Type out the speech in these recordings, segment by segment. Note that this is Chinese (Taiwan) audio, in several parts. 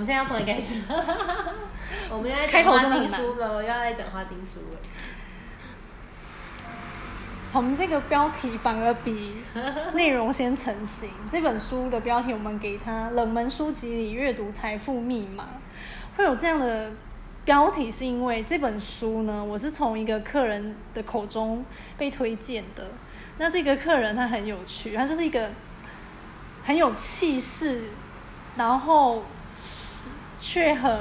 我們現在要從你開始，哈，我們要講《花京書》了，又要講《花京書》，我們這個標題反而比內容先成型。這本書的標題我們給它“冷門書籍裡閱讀財富密碼”，會有這樣的標題，是因為這本書呢，我是從一個客人的口中被推薦的。那這個客人他很有趣，他就是一個很有氣勢，然後。卻很，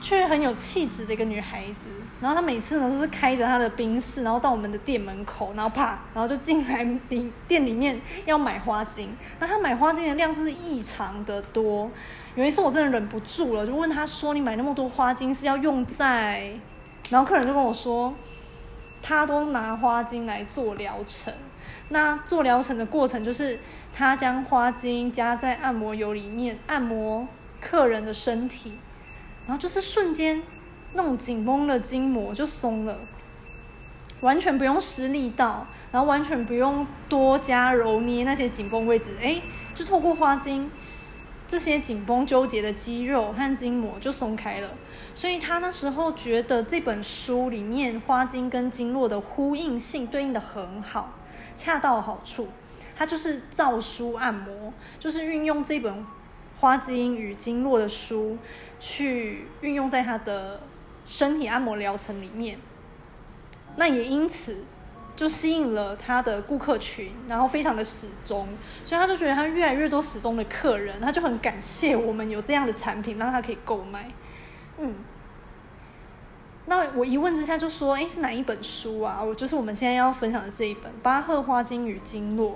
卻很有氣質的一個女孩子。然後她每次呢都、就是開着她的賓士，然後到我們的店門口，然後啪，然後就進來店店裡面要買花精。那她買花精的量是異常的多。有一次我真的忍不住了，就問她說：“你買那麼多花精是要用在？”然後客人就跟我說：“她都拿花精來做療程。那做療程的過程就是她將花精加在按摩油裡面按摩。”客人的身體，然後就是瞬間那種緊繃的筋膜就鬆了，完全不用施力道，然後完全不用多加揉捏那些緊繃位置，哎，就透過花精這些緊繃糾結的肌肉和筋膜就鬆開了。所以他那時候覺得這本書裡面花精跟經絡的呼應性對應得很好，恰到好處。他就是照書按摩，就是運用這本。花精與經絡的書，去運用在他的身體按摩療程裡面，那也因此就吸引了他的顧客群，然後非常的死忠，所以他就覺得他越來越多死忠的客人，他就很感謝我們有這樣的產品讓他可以購買，嗯，那我一問之下就說，哎、欸，是哪一本書啊？我就是我們現在要分享的這一本《巴赫花精與經絡》。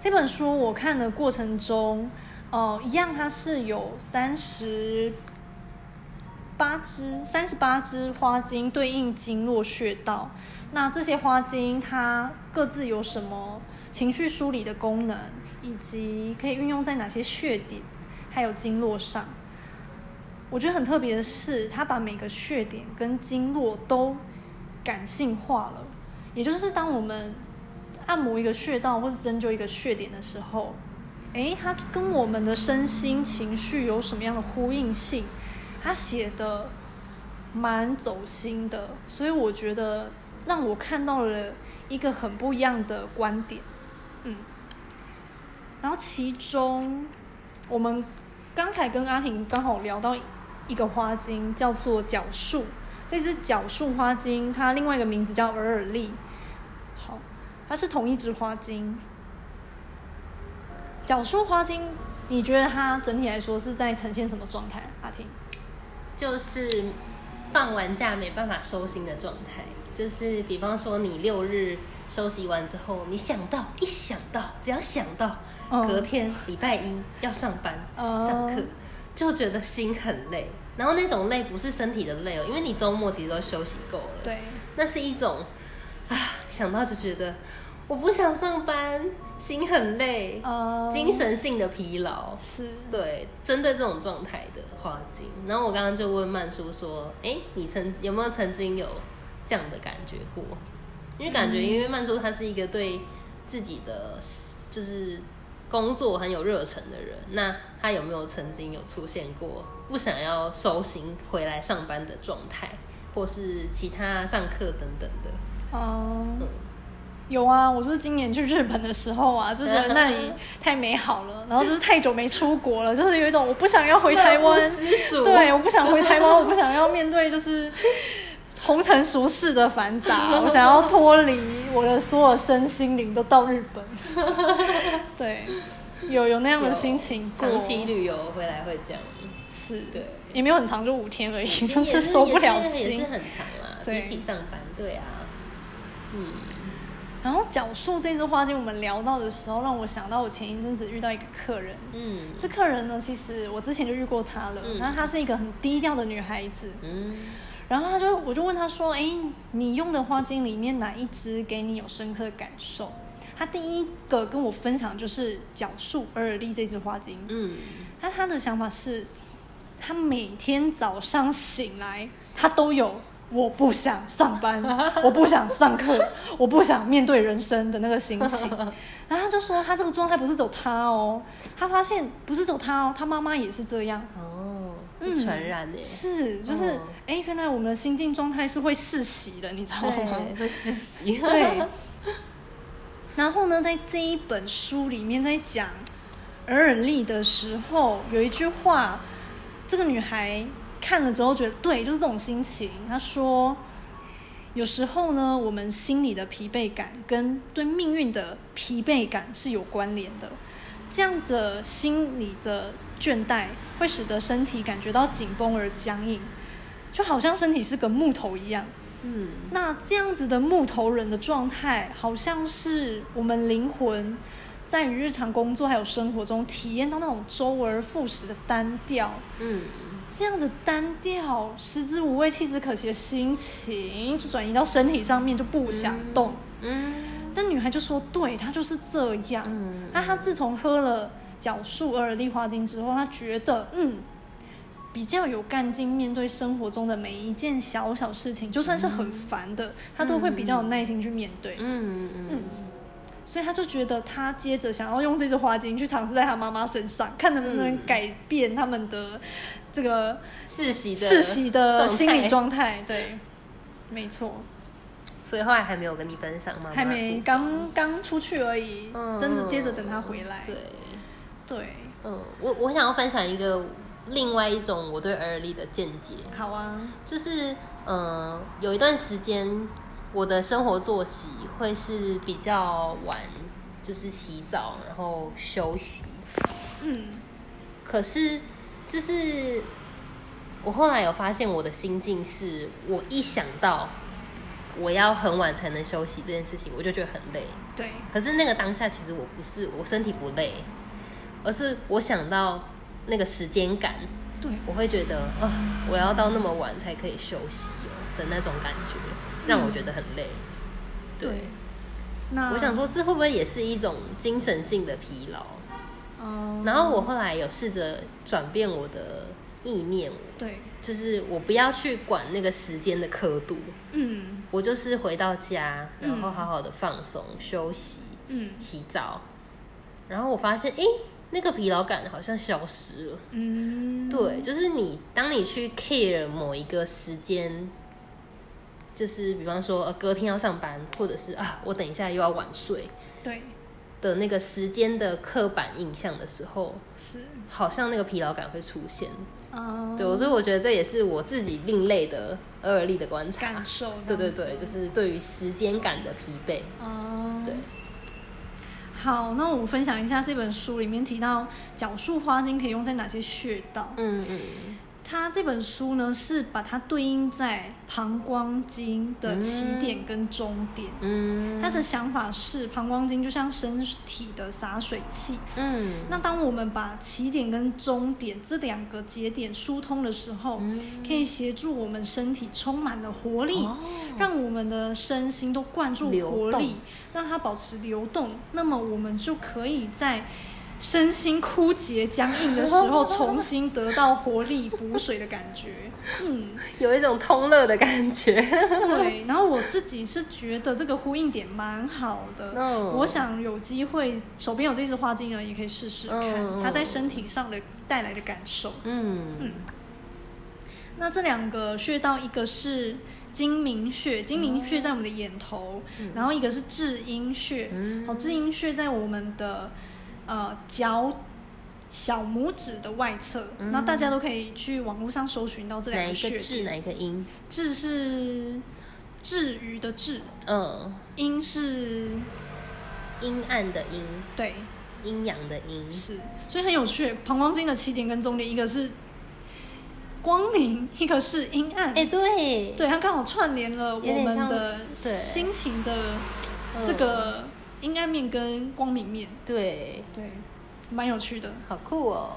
這本書我看的過程中，呃，一樣它是有三十八支，三十八支花精對應經絡穴道。那這些花精它各自有什麼情緒梳理的功能，以及可以運用在哪些穴點，還有經絡上。我覺得很特別的是，它把每個穴點跟經絡都感性化了，也就是當我們按摩一個穴道或是針灸一個穴點的時候，哎，它跟我們的身心情緒有什麼樣的呼應性？他寫的蠻走心的，所以我覺得讓我看到了一個很不一樣的觀點，嗯。然後其中我們剛才跟阿婷剛好聊到一個花精叫做角樹，這只角樹花精它另外一個名字叫鵝耳櫪。它是同一支花精，角樹花精，你覺得它整體來說是在呈現什麼狀態？阿婷，就是放完假沒辦法收心的狀態，就是比方說你六日休息完之後，你想到一想到只要想到，嗯，隔天禮拜一要上班，嗯，上課，就覺得心很累，然後那種累不是身體的累哦，因為你周末其實都休息夠了，對，那是一種。想到就覺得我不想上班，心很累，哦，uh, 精神性的疲勞是對針對這種狀態的花精。然後我剛剛就問曼叔說：“哎，你曾有沒有曾經有這樣的感覺過？因為感覺因為曼叔他是一個對自己的、嗯、就是工作很有熱忱的人，那他有沒有曾經有出現過不想要收心回來上班的狀態，或是其他上課等等的？”哦。Uh. 有啊，我是今年去日本的時候啊，就覺得那裡太美好了，然後就是太久沒出國了，就是有一種我不想要回台灣，對，我不想回台灣，我不想要面對就是紅塵俗世的繁雜，我想要脫離我的所有身心靈都到日本，對，有有那樣的心情，長期旅遊回來會這樣，是對，也沒有很長，就五天而已，就是受不了心，是很長啊，比起上班，對啊，嗯。然後角樹這隻花精，我們聊到的時候，讓我想到我前一陣子遇到一個客人。嗯。這客人呢，其實我之前就遇過她了。嗯。她是一個很低調的女孩子。嗯。然後她就，我就問她說：“哎，你用的花精裡面哪一隻給你有深刻的感受？”她第一個跟我分享就是角樹爾爾利這隻花精。嗯。那她的想法是，她每天早上醒來，她都有。我不想上班，我不想上課， 我不想面對人生的那個心情。 然後他就說，他這個狀態不是走他哦，他發現不是走他哦，他媽媽也是這樣。哦，傳染。嗯、是，就是，哎、哦，原來我們的心境狀態是會世襲的，你知道嗎？會、哦、世襲。對。 然後呢，在這一本書裡面在講爾爾麗的時候，有一句話，這個女孩。看了之後覺得對，就是這種心情。他說，有時候呢，我們心裡的疲憊感跟對命運的疲憊感是有關聯的。這樣子心裡的倦怠會使得身體感覺到緊繃而僵硬，就好像身體是個木頭一樣。嗯，那這樣子的木頭人的狀態，好像是我們靈魂。在於日常工作還有生活中體驗到那種周而復始的單調，嗯，這樣子單調、食之無味、棄之可惜的心情，就轉移到身體上面，就不想動，嗯。那、嗯、女孩就說：“對，她就是這樣。那、嗯、她自從喝了角樹鵝耳櫪花精之後，她覺得，嗯，比較有幹勁，面對生活中的每一件小小事情，就算是很煩的，嗯、她都會比較有耐心去面對，嗯嗯。嗯”嗯所以他就覺得，他接着想要用這支花精去嘗試在他媽媽身上，看能不能改變他們的這個、嗯、世襲的世襲的心理狀態。對，嗯、沒錯。所以後來還沒有跟你分享嗎？還沒剛，剛剛出去而已，嗯，真是接着等他回來。對，對。嗯，我我想要分享一個另外一種我對兒力的見解。好啊。就是，嗯、呃，有一段時間。我的生活作息會是比較晚，就是洗澡然後休息。嗯，可是就是我後來有發現，我的心境是，我一想到我要很晚才能休息這件事情，我就覺得很累。對。可是那個當下其實我不是，我身體不累，而是我想到那個時間感，對，我會覺得啊，呃，我要到那麼晚才可以休息喔，的那種感覺。讓我覺得很累，嗯、對。那我想說，這會不會也是一種精神性的疲勞？哦、嗯。然後我後來有試着轉變我的意念，對，就是我不要去管那個時間的刻度，嗯，我就是回到家，然後好好的放鬆、嗯、休息，嗯，洗澡，然後我發現，哎、欸，那個疲勞感好像消失了。嗯。對，就是你當你去 care 某一個時間。就是比方說、啊，隔天要上班，或者是啊，我等一下又要晚睡，對，的那個時間的刻板印象的時候，是對好像那個疲勞感會出現，哦、嗯，對，所以我覺得這也是我自己另類的偶爾力的觀察，感受，對對對，就是對於時間感的疲憊，哦、嗯，對。好，那我分享一下這本書裡面提到角樹花精可以用在哪些穴道？嗯嗯。嗯他這本書呢，是把它對應在膀胱經的起點跟終點。嗯。他、嗯、的想法是，膀胱經就像身體的灑水器。嗯。那當我們把起點跟終點這兩個節點疏通的時候，嗯、可以協助我們身體充滿了活力，哦、讓我們的身心都灌注活力，流動。讓它保持流動。那麼我們就可以在。身心枯竭、僵硬的時候，重新得到活力、補水的感覺， 嗯，有一種通樂的感覺。 對，然後我自己是覺得這個呼應點蠻好的。No. 我想有機會手邊有這支花精人也可以試試看，oh. 它在身體上的帶來的感受。嗯、mm. 嗯。那這兩個穴道，一個是睛明穴，睛明穴在我們的眼頭，mm. 然後一個是至陰穴，好、mm. 哦，至陰穴在我們的。呃，腳小拇指的外側，那、嗯、大家都可以去網絡上搜尋到這兩個字，哪一個志，哪一個陰？志是治癒的治，呃，陰是陰暗的陰，對，陰陽的陰。是，所以很有趣，膀胱經的起點跟終點，一個是光明，一個是陰暗。哎，欸、對。對，它剛好串聯了我們的心情的這個。嗯陰暗面跟光明面對，對，蠻有趣的，好酷哦。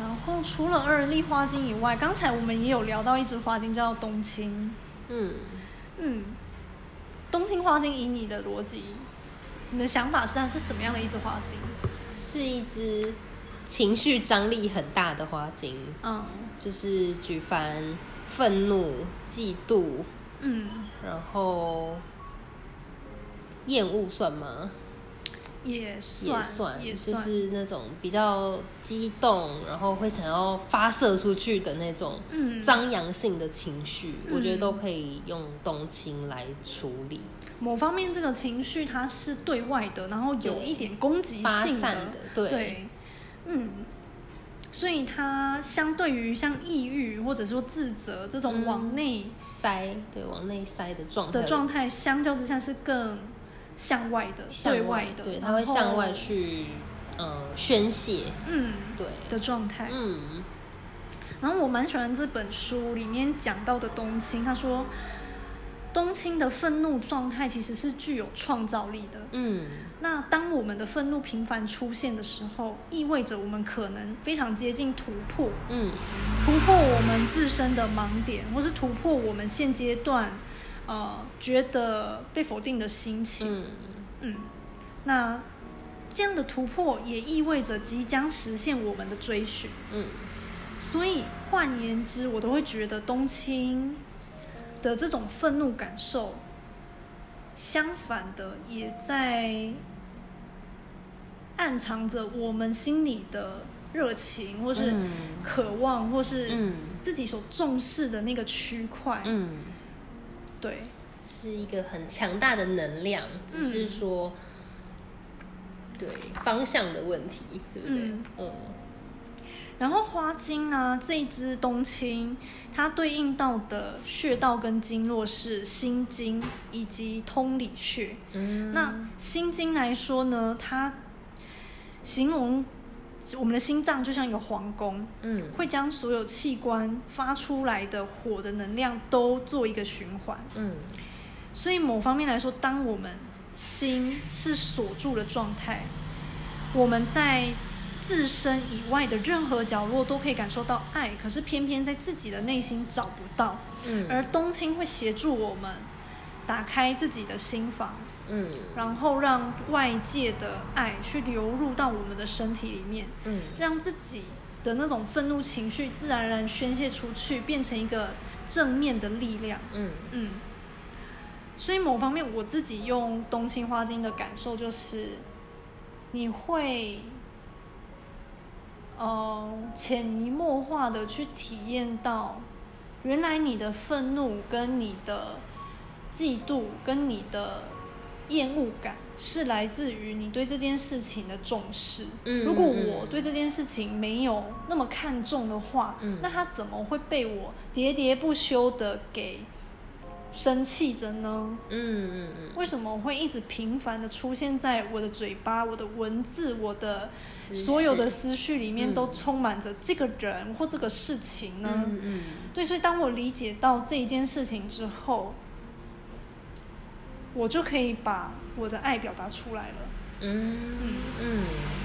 然後除了二麗花精以外，剛才我們也有聊到一支花精，叫冬青。嗯嗯，冬、嗯、青花精，以你的邏輯、你的想法，是它是什麼樣的一支花精？是一支情緒張力很大的花精，嗯，就是舉凡憤怒、嫉妒，嗯，然後。厭惡算嗎？也算，也算，就是那種比較激動，算然後會想要發射出去的那種，嗯，張揚性的情緒，嗯、我覺得都可以用冬青來處理。嗯。某方面這個情緒它是對外的，然後有一點攻擊性的，對，散的對，對，嗯，所以它相對於像抑鬱或者說自責這種往內、嗯、塞，對，往內塞的狀態，的狀態，相較之下是更。向外的，向外對外的，對，然後他會向外去，呃，宣洩，嗯，對的狀態，嗯，然後我蠻喜歡這本書裡面講到的冬青，他說，冬青的憤怒狀態其實是具有創造力的，嗯，那當我們的憤怒頻繁出現的時候，意味着我們可能非常接近突破，嗯，突破我們自身的盲點，或是突破我們現階段。呃，覺得被否定的心情，嗯，嗯，那這樣的突破也意味着即將實現我們的追尋，嗯，所以換言之，我都會覺得冬青的這種憤怒感受，相反的也在暗藏着我們心裡的熱情，或是渴望，或是自己所重視的那個區塊。嗯，嗯。嗯對，是一個很強大的能量，只是說，嗯、對方向的問題，對,對嗯。嗯然後花精啊，這一支冬青，它對應到的穴道跟經絡是心經以及通裡穴。嗯。那心經來說呢，它形容。我們的心臟就像一個皇宮，嗯，會將所有器官發出來的火的能量都做一個循環，嗯，所以某方面來說，當我們心是鎖住的狀態，我們在自身以外的任何角落都可以感受到愛，可是偏偏在自己的內心找不到，嗯，而冬青會協助我們。打開自己的心房，嗯，然後讓外界的愛去流入到我們的身體裡面，嗯，讓自己的那種憤怒情緒自然而然宣洩出去，變成一個正面的力量，嗯嗯。所以某方面我自己用冬青花精的感受就是，你會，嗯、呃，潛移默化的去體驗到，原來你的憤怒跟你的。嫉妒跟你的厭惡感是來自於你對這件事情的重視。嗯嗯，如果我對這件事情沒有那麼看重的話，嗯，那他怎麼會被我喋喋不休地給生氣着呢？嗯，嗯，為什麼我會一直頻繁地出現在我的嘴巴、我的文字、我的所有的思緒裡面都充滿着這個人或這個事情呢？嗯，嗯，嗯，對，所以當我理解到這一件事情之後。我就可以把我的愛表達出來了。嗯嗯嗯，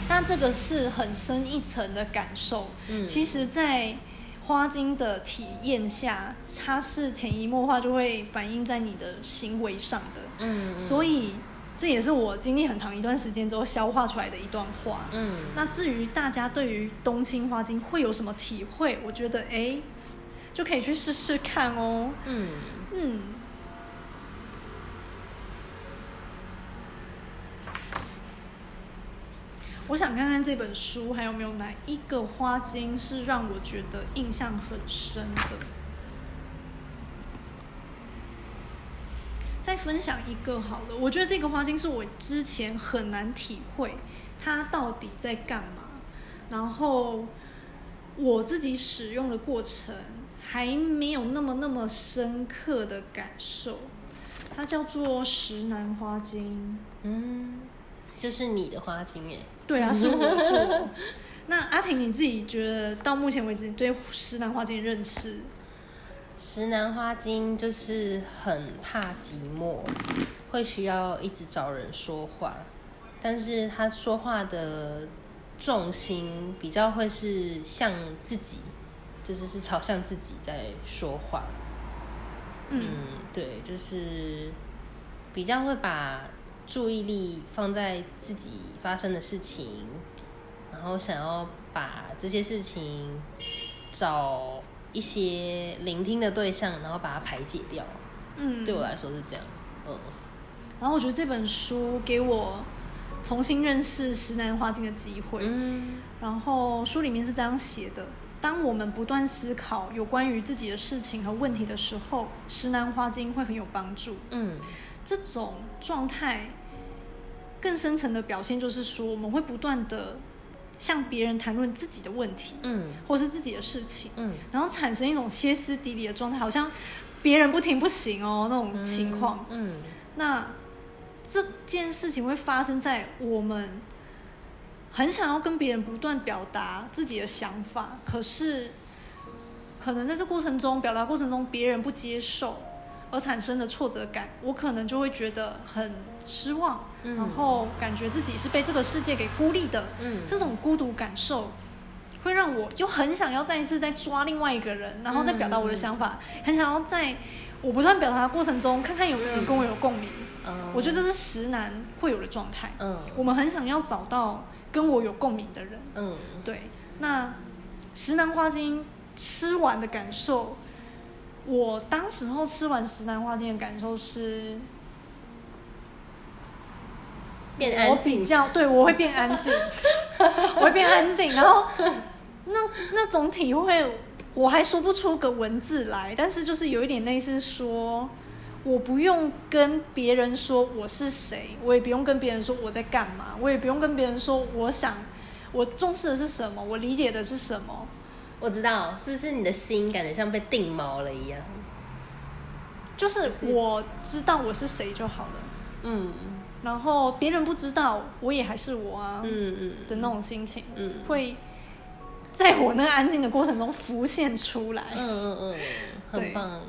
那這個是很深一層的感受。嗯，其實，在花精的體驗下，它是潛移默化就會反映在你的行為上的。嗯，所以這也是我經歷很長一段時間之後消化出來的一段話。嗯，那至於大家對於冬青花精會有什麼體會，我覺得哎、欸，就可以去試試看哦。嗯嗯。我想看看這本書還有沒有哪一個花精是讓我覺得印象很深的。再分享一個好了，我覺得這個花精是我之前很難體會它到底在幹嘛，然後我自己使用的過程還沒有那麼那麼深刻的感受。它叫做石楠花精，嗯。就是你的花精哎，對啊，是我說，是我。那阿婷，你自己覺得到目前為止對石楠花精認識？石楠花精就是很怕寂寞，會需要一直找人說話，但是他說話的重心比較會是向自己，就是是朝向自己在說話。嗯，嗯，對，就是比較會把。注意力放在自己發生的事情，然後想要把這些事情找一些聆聽的對象，然後把它排解掉。嗯，對我來說是這樣。呃、嗯，然後我覺得這本書給我重新認識石楠花精的機會。嗯，然後書裡面是這樣寫的：當我們不斷思考有關於自己的事情和問題的時候，石楠花精會很有幫助。嗯，這種狀態更深層的表現就是說，我們會不斷的向別人談論自己的問題，嗯，或是自己的事情，嗯，然後產生一種歇斯底里的狀態，好像別人不聽不行哦，那種情況，嗯，嗯，那這件事情會發生在我們很想要跟別人不斷表達自己的想法，可是可能在這過程中，表達過程中別人不接受而產生的挫折感，我可能就會覺得很失望。然後感覺自己是被這個世界給孤立的，嗯，這種孤獨感受會讓我又很想要再一次再抓另外一個人，嗯、然後再表達我的想法，嗯、很想要在我不斷表達的過程中，看看有沒有人跟我有共鳴，嗯，我覺得這是石楠會有的狀態，嗯，我們很想要找到跟我有共鳴的人，嗯，對，那石楠花精吃完的感受，我當時候吃完石楠花精的感受是。我比較對，我會變安靜， 我會變安靜，然後那那種體會，我還說不出個文字來，但是就是有一點類似說，我不用跟別人說我是誰，我也不用跟別人說我在幹嘛，我也不用跟別人說我想，我重視的是什麼，我理解的是什麼。我知道，是不是你的心感覺像被定錨了一樣，就是我知道我是誰就好了。嗯。然後別人不知道，我也還是我啊，嗯嗯，的那種心情，嗯，會在我那個安靜的過程中浮現出來，嗯嗯嗯，很棒。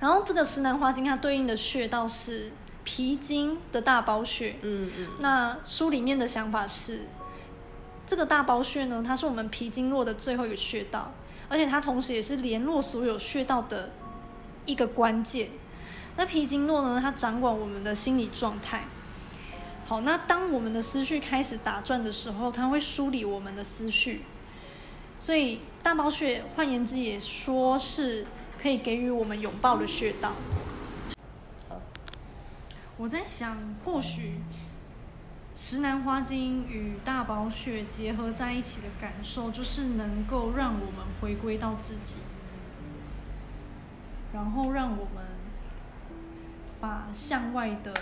然後這個石楠花精它對應的穴道是脾經的大包穴，嗯嗯，那書裡面的想法是，這個大包穴呢，它是我們脾經絡的最後一個穴道，而且它同時也是聯絡所有穴道的一個關鍵。那脾經絡呢，它掌管我們的心理狀態。好，那當我們的思緒開始打轉的時候，它會梳理我們的思緒。所以大包穴，換言之也說是可以給予我們擁抱的穴道。嗯、我在想，或許石楠花精與大包穴結合在一起的感受，就是能夠讓我們回歸到自己，然後讓我們。把向外的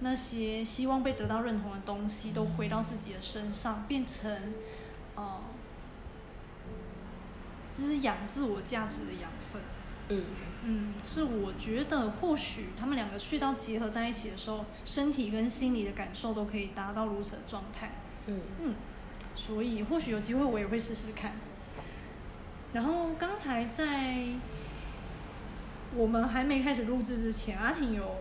那些希望被得到認同的東西都回到自己的身上，變成呃滋養自我價值的養分。嗯嗯，是我覺得或許他們兩個去到結合在一起的時候，身體跟心理的感受都可以達到如此的狀態。嗯，嗯，所以或許有機會我也會試試看。然後剛才在，我們還沒開始錄制之前，阿婷有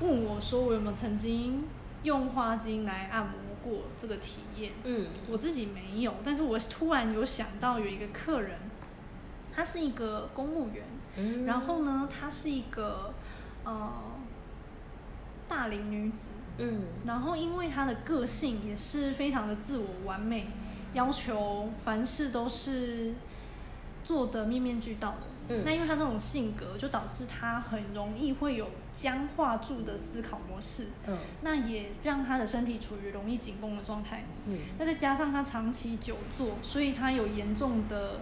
問我說我有沒有曾經用花精來按摩過這個體驗。嗯，我自己沒有，但是我突然有想到有一個客人，她是一個公務員。嗯，然後呢，她是一個呃大齡女子。嗯，然後因為她的個性也是非常的自我完美，要求凡事都是。做的面面俱到。嗯，那因為他這種性格，就導致他很容易會有僵化住的思考模式，嗯，那也讓他的身體處於容易緊繃的狀態，嗯，那再加上他長期久坐，所以他有嚴重的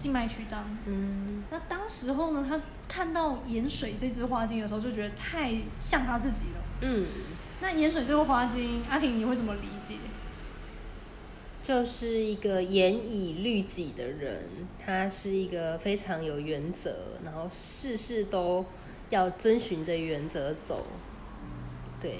靜脈曲張，嗯，那當時候呢，他看到岩水這支花精的時候，就覺得太像他自己了，嗯，那岩水這個花精，阿婷你會怎麼理解？就是一個嚴以律己的人，他是一個非常有原則，然後事事都要遵循着原則走，對。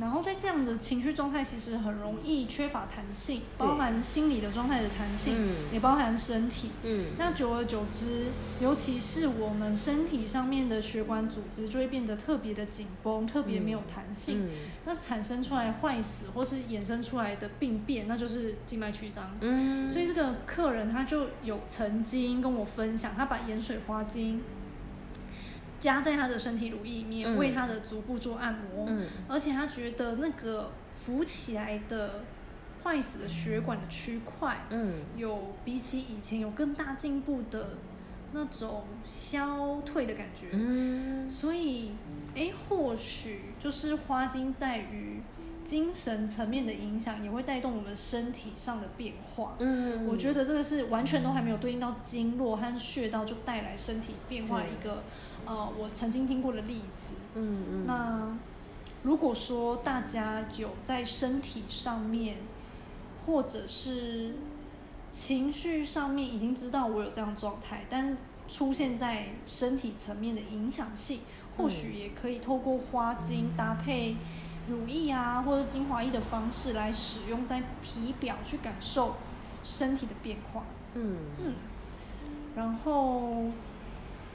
然後在這樣的情緒狀態，其實很容易缺乏彈性，對包含心理的狀態的彈性，嗯、也包含身體。嗯、那久而久之，尤其是我們身體上面的血管組織就會變得特別的緊繃，特別沒有彈性。嗯嗯、那產生出來壞死或是衍生出來的病變，那就是靜脈曲張。嗯、所以這個客人他就有曾經跟我分享，他把岩水花精。加在他的身體乳液裡面，為他的足部做按摩，嗯嗯、而且他覺得那個浮起來的壞死的血管的區塊，嗯、有比起以前有更大進步的那種消退的感覺，嗯、所以，誒、欸，或許就是花精在於。精神層面的影響也會帶動我們身體上的變化。嗯，嗯，嗯，我覺得這個是完全都還沒有對應到經絡和穴道就帶來身體變化的一個對呃，我曾經聽過的例子。嗯嗯那。那如果說大家有在身體上面或者是情緒上面已經知道我有這樣狀態，但出現在身體層面的影響性，或許也可以透過花精搭配嗯嗯嗯。乳液啊，或者精華液的方式來使用在皮表，去感受身體的變化。嗯嗯，然後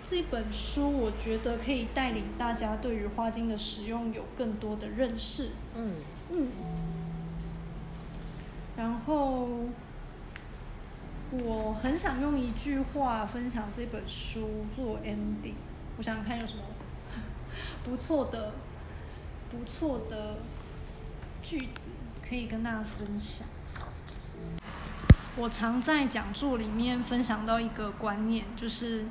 這本書我覺得可以帶領大家對於花精的使用有更多的認識。嗯嗯，然後我很想用一句話分享這本書做 ending，我想想看有什麼呵呵不錯的。不錯的句子可以跟大家分享。我常在講座裡面分享到一個觀念，就是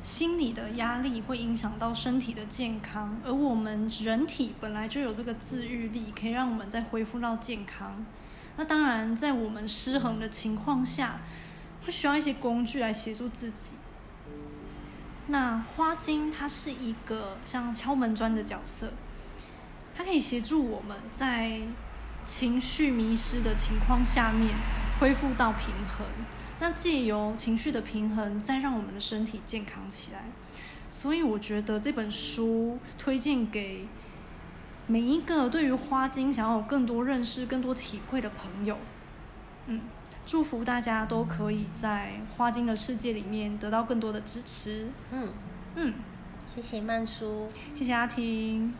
心理的壓力會影響到身體的健康，而我們人體本來就有這個自愈力，可以讓我們再恢復到健康。那當然，在我們失衡的情況下，會需要一些工具來協助自己。那花精它是一個像敲門磚的角色。它可以協助我們在情緒迷失的情況下面恢復到平衡，那借由情緒的平衡，再讓我們的身體健康起來。所以我覺得這本書推薦給每一個對於花精想要有更多認識、更多體會的朋友。嗯，祝福大家都可以在花精的世界裡面得到更多的支持。嗯嗯，嗯謝謝曼叔，謝謝阿婷。